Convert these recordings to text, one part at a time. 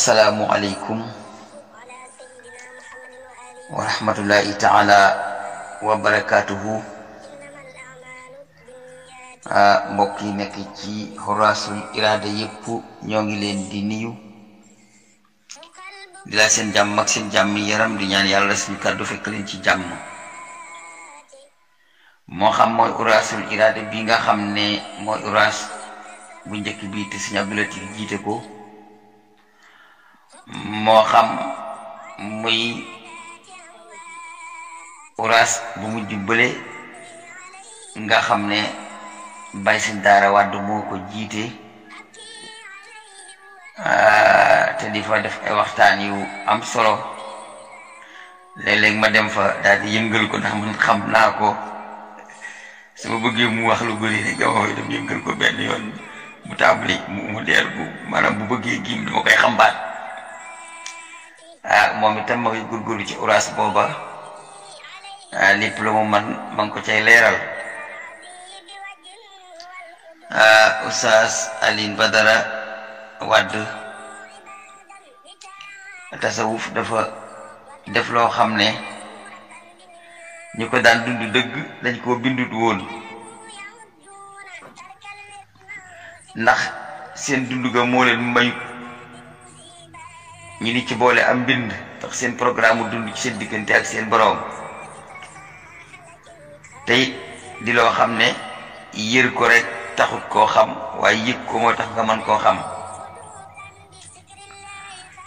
asalaamualeykum wa rahmatullahi taala wa barakaatuhu ah, mbokk yi nekk ci Hourasoul Irada yëpp ñoo ngi leen di nuyu di laaj seen jàmm ak seen jàmm yaram di ñaan yàlla suñu kàddu fekk leen ci jàmm moo xam mooy Hourasoul Irada bi nga xam ne mooy Hourasoul bu njëkk bi te Sëriñ Abdou Latif jiite ko moo xam muy uras bu mujj bële nga xam ne bay si daara wàdd moo ko jiite ah, te di fa def ay waxtaan yu am solo léeg-léeg ma dem fa daal di yëngal ko ndax man xam naa ko sama bëggee mu wax lu bëri rek dama koy dem yëngal ko benn yoon mu tabli mu mu leer bu maanaam bu bëggee giim dama koy xambaat moom itam ma ngi ci uraas boba lépp lu mu man ma Ah usas alin leeral waduh? atas Badara Wade tasawuf dafa def lo xamne ne daan dund deug dañ ko bindut woon ndax seen dund ga mo leen may ñu di ci boole am mbind ndax seen programme dund ci seen diggante ak seen boroom tey it di loo xam ne yër ko rek taxut koo xam waaye yëg ko moo tax nga mën koo xam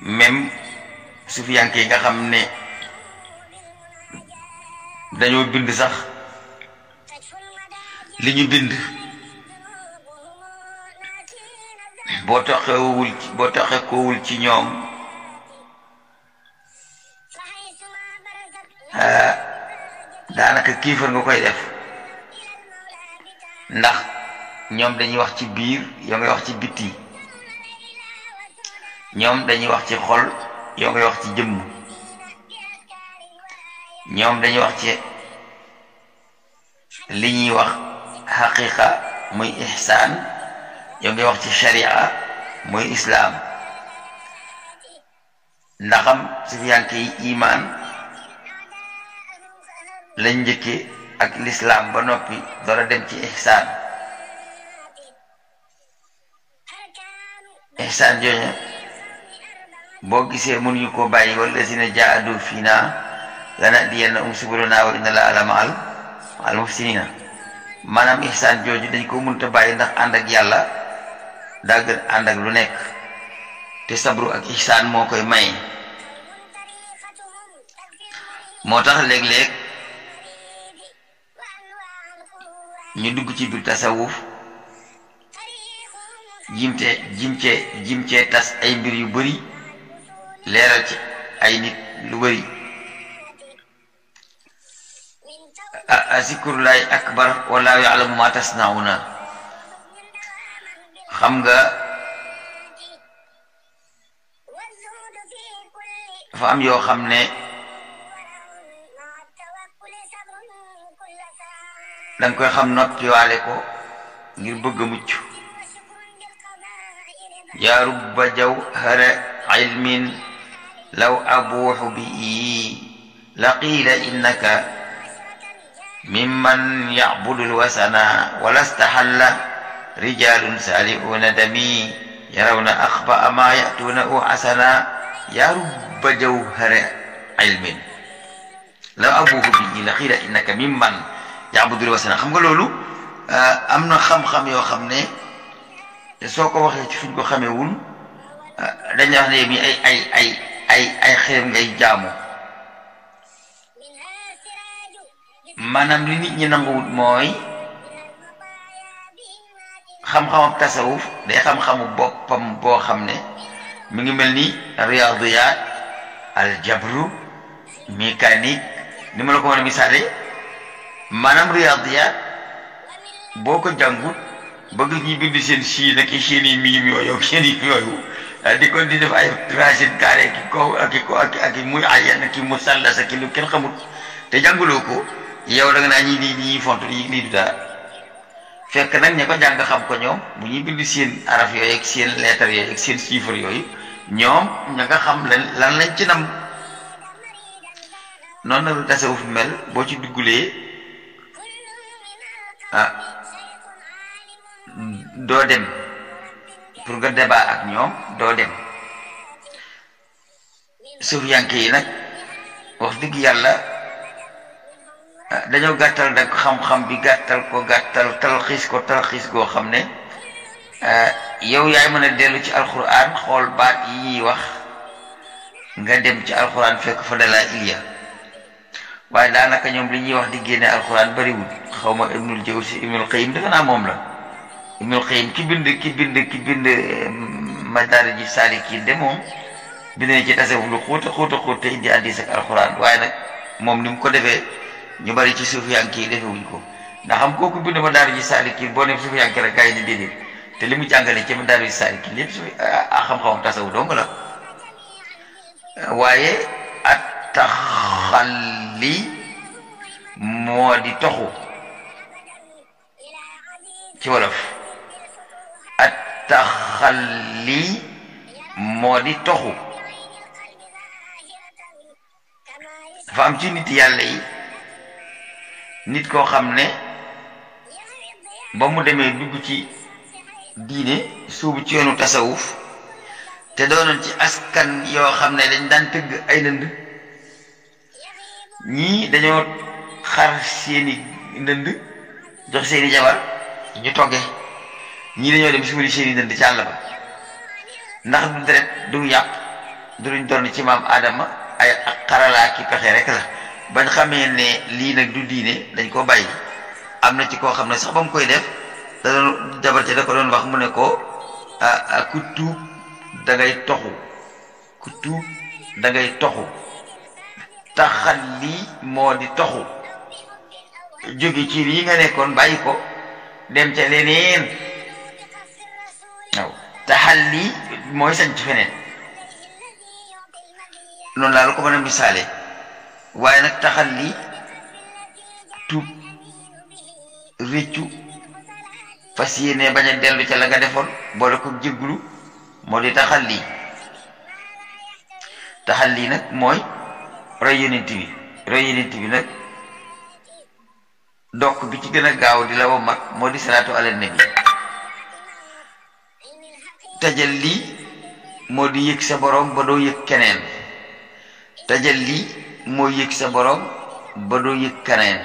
même sufiyanke yi nga xam ne dañoo bind sax li ñu bind boo toxewul boo toxe ci ñoom Eh, daanaka kiifar nga koy def ndax ñoom dañuy wax ci biir yoo ngay wax ci biti ñoom dañuy wax ci xol yoo ngay wax ci jëmm ñoom dañuy wax ci li ñuy wax xaqiqa muy ihsaan yoo ngay wax ci sharia muy islaam ndaxam su fi yànkee imaan lañ njëkke ak lislaam ba noppi door a dem ci ihsaan ihsaan jooña boo gisee mënuñu koo bàyyi wala si ne jaadu fii naa lana di yenn um subulana wa inna la alama al al mufsinina maanaam ihsaan jooju dañ ko mënta bàyyi ndax ànd ak yàlla daa gën ànd ak lu nekk te sabru ak ihsaan moo koy may moo tax léeg-léeg ñu dugg ci biir tasawuf jimte jimce jimce tas ay mbir yu bari leeral ci ay nit lu ak azikrullahi akbar wallahu ya'lamu ma tasnauna xam nga dafa am yoo xam ne dang koy xam not ci walé ko ngir bëgg muccu ya rubba jaw hara ilmin law abuuxu bii la qiila innaka mimman ya'budu yacbudu lwasana halla rijalun saaliuuna dami yarawna akhba ma ya'tuna u xasana yaa rubba jaw hara ilmin law abuuxu bii la qiila innaka mimman yaabudul wasina xam nga loolu euh, am na xam-xam yoo xam ne te soo ko waxee ci fuñ ko xamewul euh, dañuy wax ne mi ay ay ay ay ngay jaamu maanaam li nit ñi nanguwut mooy xam-xamam tasawuf day xam-xamu boppam boo xam ne mi ngi mel ni riyadiyat aljabru mécanique ni ma la ko mën maanaam riyaadiyaat boo ko jàngu bëgg ñu bind seen siin ak seen i miim yooyu seen i yooyu eh, di ko di def ay racine carré ki ko ak ki ko ak ak muy mu sallas ak lu kenn xamut te jànguloo ko yow da nga naa ñi lii ñuy font lii lii du dara fekk nag ña ko jàng xam ko ñoom bu ñuy bind seen araf yooyu ak seen lettre yooyu ak seen chiffre yooyu ñoom ña nga xam lan lan lañ ci nam noonu la tasawuf mel boo ci duggulee ah doo dem pour nga débat ak ñoom doo dem sufiyanke yi nag wax dëgg yàlla ah, dañoo gàttal rek xam-xam bi gàttal ko gàttal talxiis ko talxiis goo xam ne ah, yow yaay mën a dellu ci alquran xool baat yi wax nga dem ci alquran fekk fa dalaa iliya waaye daanaka ñoom li ñuy wax di génne alxuraan bariwul xaw ma ibnul jawzi ibnul qayyim defe naa moom la ibnul qayyim ki bind ki bind ki bind eh, madaarij saalikiin de moom bind na ci tasawuf lu xuuta xuuta waaye nag moom ni mu ko defee ñu bari ci suufiyanke yi defewuñ ko ndax xam kooku bind madaarij saalikiin boo ne suufiyanke rek gars yi ni déedéet te li mu jàngale ci madaarij saalikiin lépp su ah, ah, xam-xam tasawuf dong la waaye at taxal lii moo di toxu ci wolof at taxalli moo di toxu dafa am ci nit yàlla yi nit koo xam ne ba mu demee dugg ci diine suubu ci yoonu tasawuf te doonoon ci askan yoo xam ne dañ daan tëgg ay lënd ñii dañoo xar seeni ndënd jox seeni jabar ñu togge ñii dañoo dem suuli seeni ndënd ci àll ba ndax du deret du yàpp du luñ doon ci maam Adama ay xaralaa ki pexe rek la bañ xamee ne lii nag du diine dañ ko bàyyi am na ci koo xam ne sax ba mu koy def da doon jabar ci da ko doon wax mu ne ko ah, ah, ku tuub toxu ku dangay toxu takhalli moo di juki jóge ci li nga nekkon bayiko ko dem ci leneen waaw takhalli moy sañ ci fenen non la ko bana misale waye nak takhalli tu tub fasiyene baña delu ci la nga bo la ko jeglu modi takhalli takhalli nak moy rayini TV rayini TV nak dok bi ci gëna gaaw di lawo mak modi salatu di ala nabi Tajalli modi yek sa borom ba do yek kenen tajalli mo yek sa borom ba do yek kenen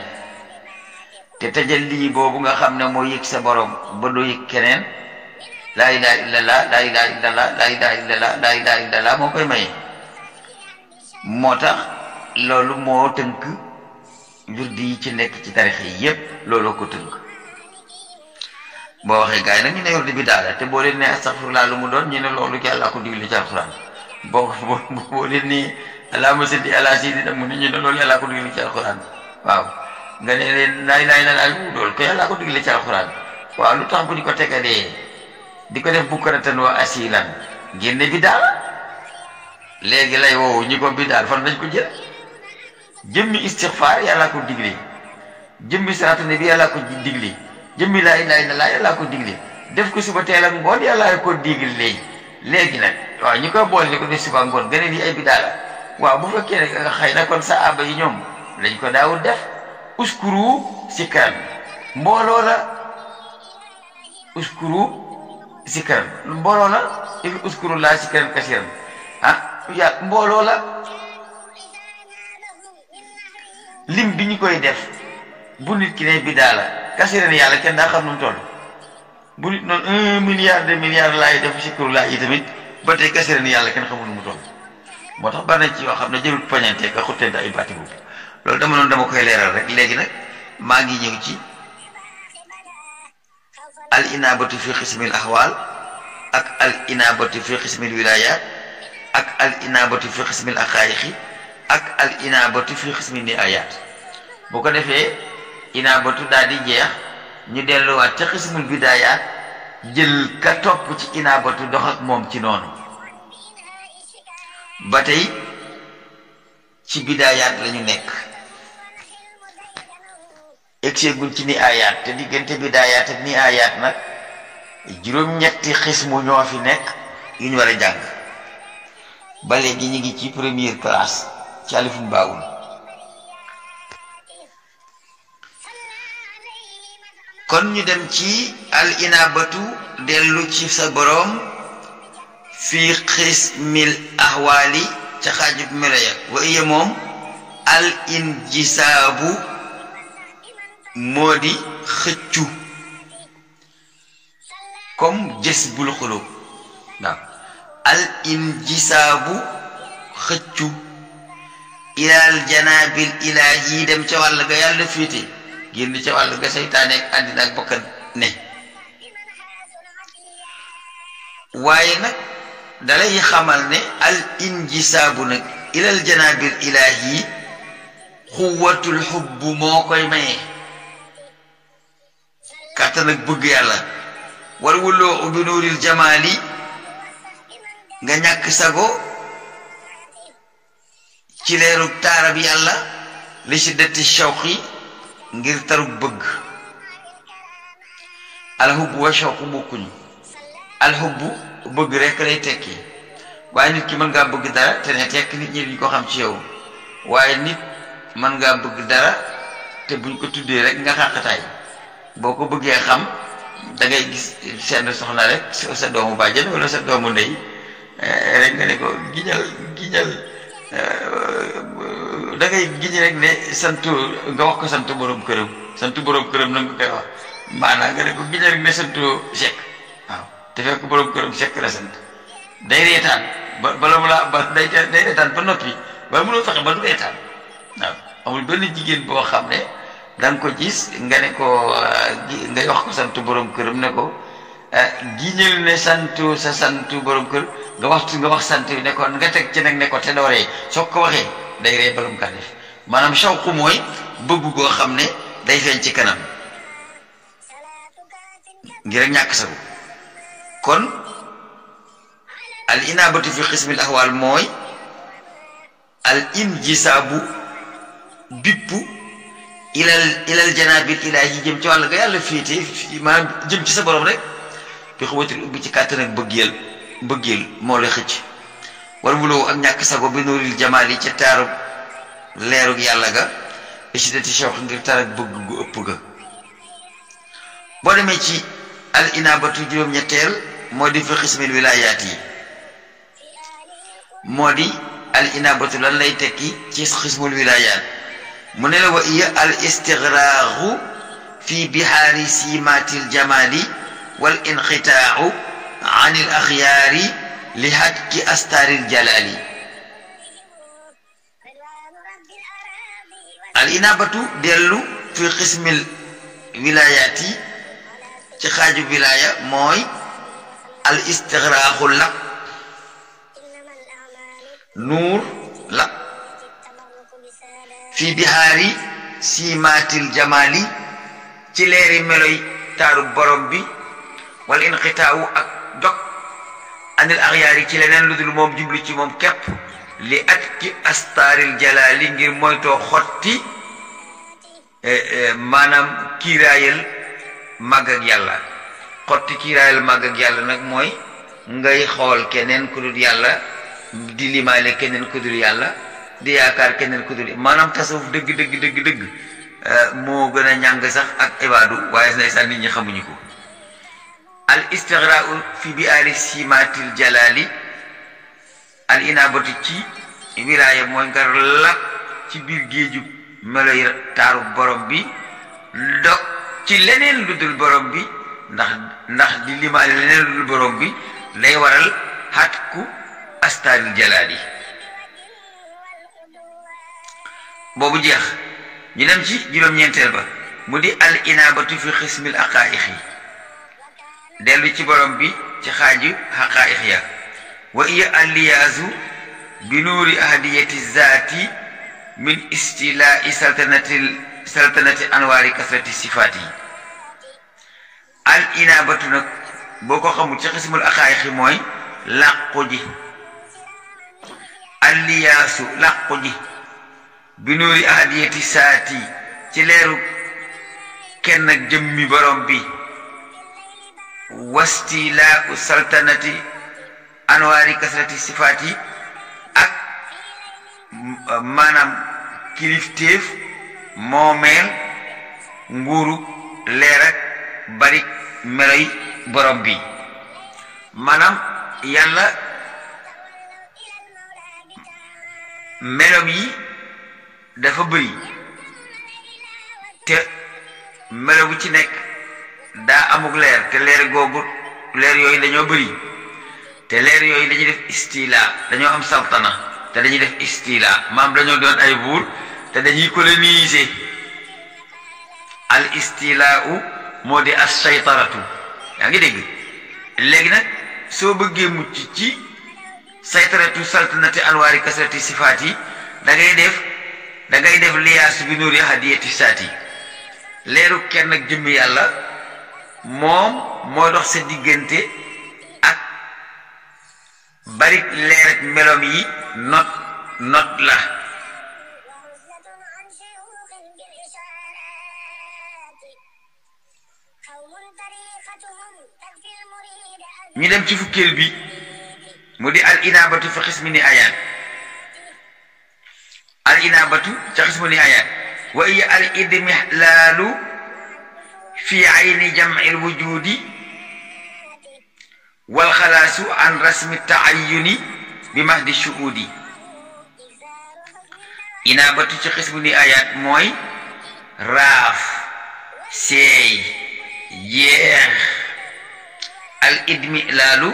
te tajalli bobu nga xamne mo yek sa borom ba do yek kenen la ilaha illallah la ilaha illallah la ilaha illallah la ilaha illallah mo koy may motax loolu moo tënk wirdi ci nekk ci tarixe yépp looloo ko tënk boo waxee gars yi nag ñu ne wirdi bi daala te boo leen ne astaghfirullah lu mu doon ñu ne loolu yàlla ko digle ci alxuraan ko digle ko def bukratan wa asilan bi daala léegi lay woowu ñi ko bi daal fan lañ ko jël jëmmi istixfaar yàllaa ko digle jëmmi salaatu bi yàllaa ko digle jëmmi laa ilaaha illallaah yàllaa ko digle def ko suba teel ak ngoon yàllaa ko digle léegi nag waaw ñu koy boole ni ko def suba ngoon gën a lii ay bidaa la waaw bu fekkee ne nga xëy na kon saaba yi ñoom lañ ko daawul def uskuru sikkaram mbooloo la uskuru sikkaram mbooloo la uskuru laa sikkaram kasiram ah yaa lim bi ñu koy def bu nit ki ne biddaa la kasiran yàlla kenn daa xam nu mu toll bu nit noonu un milliard de milliards laay def sikkur laa yi tamit ba tey kasiran yàlla kenn xamul mu toll moo tax bari ci yoo xam ne jëlut poñante ka xuttente ay baati boobu loolu dama noonu dama koy leeral rek léegi nag maa ngi ñëw ci al inaabatu fi xismil ahwaal ak al inaabatu fi xismil wilayaat ak al inaabatu fi xismil aqaayixi ak al inabatu fi xismi ni ayat bu ko defé inabatu daal jeex ñu delluwaat ca xismul bidaya jël ka top ci inabatu dox ak mom ci non batay ci bidaayaat la nek nekk egseegul ci ni ayat te diggante bidaayaat ak ni ayat nak juróom-ñetti xismu ñoo fi nek yu ñu ba ngi ci première classe ci alifun baawun kon ñu dem ci al inabatu dellu ci sa boroom fii xismil ahwaali ca xaajub melo ya wa iya moom al injisaabu moo di xëccu comme jës bul xulub waaw al injisaabu xëccu ilaal janaabil ilaaj dem ca wàll ga yàlla féete génn ca wàll ga seytaane ak àndina ak bokkan ne waaye nag dalay xamal ne al injisaabu nag ilal janaabil ilaaj yi xuwatul xubb moo koy maye kàttan ak yàlla war wuloo bi nuuril jamaali nga ñàkk sago ci leerug taarab yàlla li ci detti shawqi ngir taru bëgg alxubbu wa shawqu bokkuñu alxubbu bëgg rek lay tekki waaye nit ki mën ngaa bëgg dara te ne tekk nit ñi duñ ko xam ci yow waaye nit mën ngaa bëgg dara te buñ ko tuddee rek nga xàqataay boo ko bëggee xam da ngay gis seen soxna rek sa doomu bàjjen wala sa doomu ndey eh, rek nga ne ko giñal giñal Euh, da ngay giñ rek ne sant nga wax ko sant borom këram sant borom këram na ko koy wax maanaam nga ne ko giñ rek ne sant Seck waaw te fekk borom këram Seck la sant day reetaan ba bala mu laa ba day day reetaan ba noppi wala mënoo fexe ba du reetaan waaw amul benn jigéen boo xam ne da ko gis nga ne ko euh, nga wax ko sant borom këram ne ko. Eh, giñal ne santu sa santu borom kër nga waxtu nga wax sant bi ne ko nga teg ci nag ne ko te soo ko waxee day ree balum kaa def maanaam shawqu mooy bëggu goo xam ne day feeñ ci kanam ngir ak ñàkk sagu kon al inaabatu fi xismil ahwaal mooy al injisaabu bippu ilal ilal janaabil ilaahi jëm ci wàll nga yàlla féete maanaam jëm ci sa borom rek fi xubatin ubbi ci kàttan ak bëggeel bëggeel moo la xëcc wal wuloowu ak ñàkk sago bi nuuril jamaal yi ca leerug yàlla ga isidati shawq ngir tarak bëgg gu ëpp ga boo demee ci al inaabatu juróom-ñetteel moo di fi xismil wilaayaat yi moo di al inaabatu lan lay tekki ci xismul wilaayaat mu ne la wa iya al istigraaxu fi bihaari simaatil jamaali والانقطاع عن الأخيار لهتك أستار الجلال الإنابة ديالو في قسم الولايات تخاج ولاية موي الاستغراق لا نور لا في بحار سيمات الجمال تلير ملوي تارو ربي wala inqitaawu ak dog anil axyaar yi ci leneen lu dul moom jublu ci moom képp li at ki astaaril jalaali ngir moytoo xotti eh, eh, maanaam kiiraayal màgg ak yàlla xotti kiiraayal màgg ak yàlla nag mooy ngay xool keneen ku dul yàlla di limaale keneen ku yàlla di yaakaar keneen ku dul maanaam tasawuf dëgg dëgg dëgg dëgg eh, moo gën a ñàng sax ak ibaadu waaye ndeysaan nit ñi xamuñu ko al istigraau fi biaari simatil jalali al inabatu ci wilaaya mooy nga lab ci biir géeju meloy taaru borom bi dog ci leneen lu borom bi ndax ndax di lima leneen lu borom bi day waral xat ku astaaril jalaali boobu jeex ñu dem ci juróom-ñeenteel ba mu di al inabatu fi xismil aqaaiqi dellu ci borom bi ci xaaju xaqaa'iq ya wa iya alliyaasu bi nuuri ahdiyati zaati min istilaa'i saltanati saltanati anwaari kasrati sifaati yi al inaabatu nag boo ko xamul ci xismul xaqaa'iq mooy làqu ji alliyaasu làqu ji bi nuuri ahdiyati saati ci leeru kenn jëmmi borom bi wastilaau saltanati anwaari kasrati sifaat yi ak maanaam kilifteef moomeel nguuru leer ak bari meloy borom bi maanaam yàlla melom yi dafa bëri te melo bu ci nekk daa amuk leer te leer googu leer yooyu dañoo bëri te leer yooyu dañuy def istila dañoo am saltana te dañuy def istila maam dañoo doon ay buur te dañuy coloniser al istilaau moo di as saytaratu yaa ngi dégg léegi nag soo bëggee mucc ci saytaratu saltanati anwaari kasrati sifaat yi dangay def da ngay def liyaas bi nuuri hadiyati saati leeru kenn ak yàlla moom mooy dox sa diggante ak barik leer melom yi not not la ñu dem ci fukkeel bi mu di al inaabatu fa xismi ni ayaan al inaabatu ca xismi ni ayaan fi ayni jamci lwujudi walxalaasu an rasmi taayuni bi mahdi shuhudi inaabatu ci xisbu li ayaat mooy raaf seey jeex al idmi laalu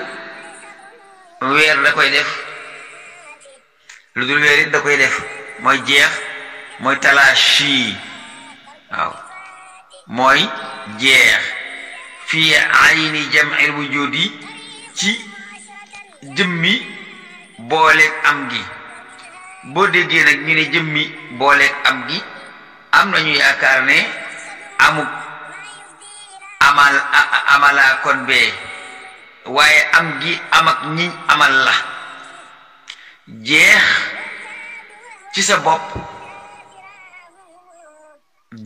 weer da koy def lu dul weer it da koy def mooy jeex mooy talaashi waaw mooy jeex fii ayni jamil wujudi ci jëmmi booleeg am gi boo déggee nag ñu ne jëmmi booleeg am gi am nañu yaakaar ne amuk amal amalaa kon bee waaye am gi am ak amal la jeex ci sa bopp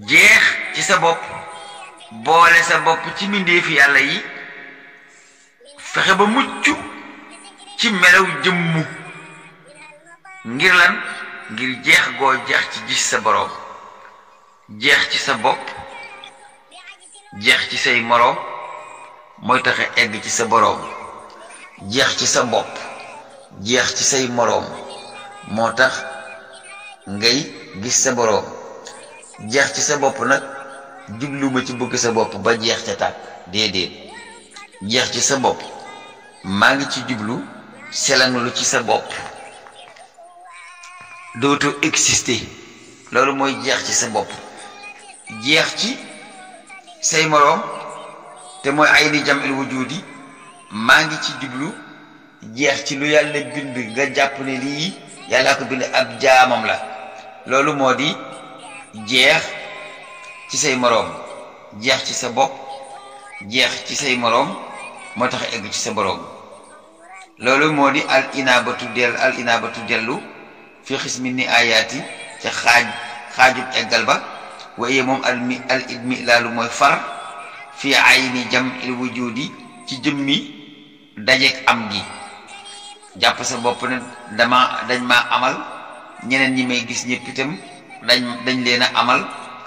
jeex ci sa bopp boole sa bopp ci mbindeef yàlla yi fexe ba mucc ci melaw jëmmu ngir ngir jeex goo jeex ci gis sa boroom jeex ci sa bopp jeex ci say moroom mooy taxe egg ci sa boroom jeex ci sa bopp jeex ci say moroom moo tax ngay gis sa boroom jeex ci sa bopp nag jubluma ci bëgg sa bopp ba jeex ca tàkk déedéet jeex ci sa bopp maa ngi ci jublu selanlu ci sa bopp dootu exister loolu mooy jeex ci sa bopp jeex ci say moroom te mooy ay ni jam il wujudi maa ngi ci jublu jeex ci lu yàlla bind nga jàpp ne lii yàllaa ko bind ab jaamam la loolu moo di jeex ci say moroom jeex ci sa bopp jeex ci say moroom moo tax egg ci sa boroom loolu moo di al inaabatu del al inaabatu dellu fi xismi ni ayaati ca xaaj xaajub eggal ba waaye moom al mi laalu mooy far fi ayni jam il wujudi ci jëmmi dajeeg am gi jàpp sa bopp ne dama dañ ma amal ñeneen ñi may gis ñëpp dañ dañ leen a amal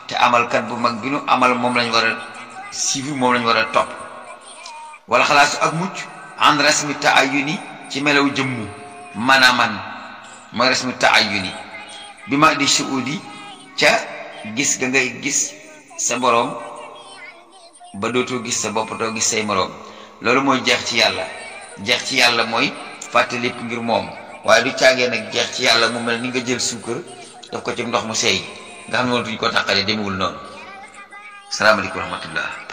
te amalkat bu mag bi nu amal moom lañu war a suivre moom lañ war a topp wala xalaasu ak mucc an rasmi taayuni ci melaw jëmmu manaman mooy rasmi taayuni bi ma di suudi ca gis ga ngay gis sa boroom ba dootoo gis sa bopp doo gis say moroom loolu mooy jeex ci yàlla jeex ci yàlla mooy fàtte lépp ngir moom waaye du caagee nag jeex ci yàlla mu mel ni nga jël suukar daf ko ci ndox mu seey dan mau di kota kaya di mulut. Assalamualaikum warahmatullahi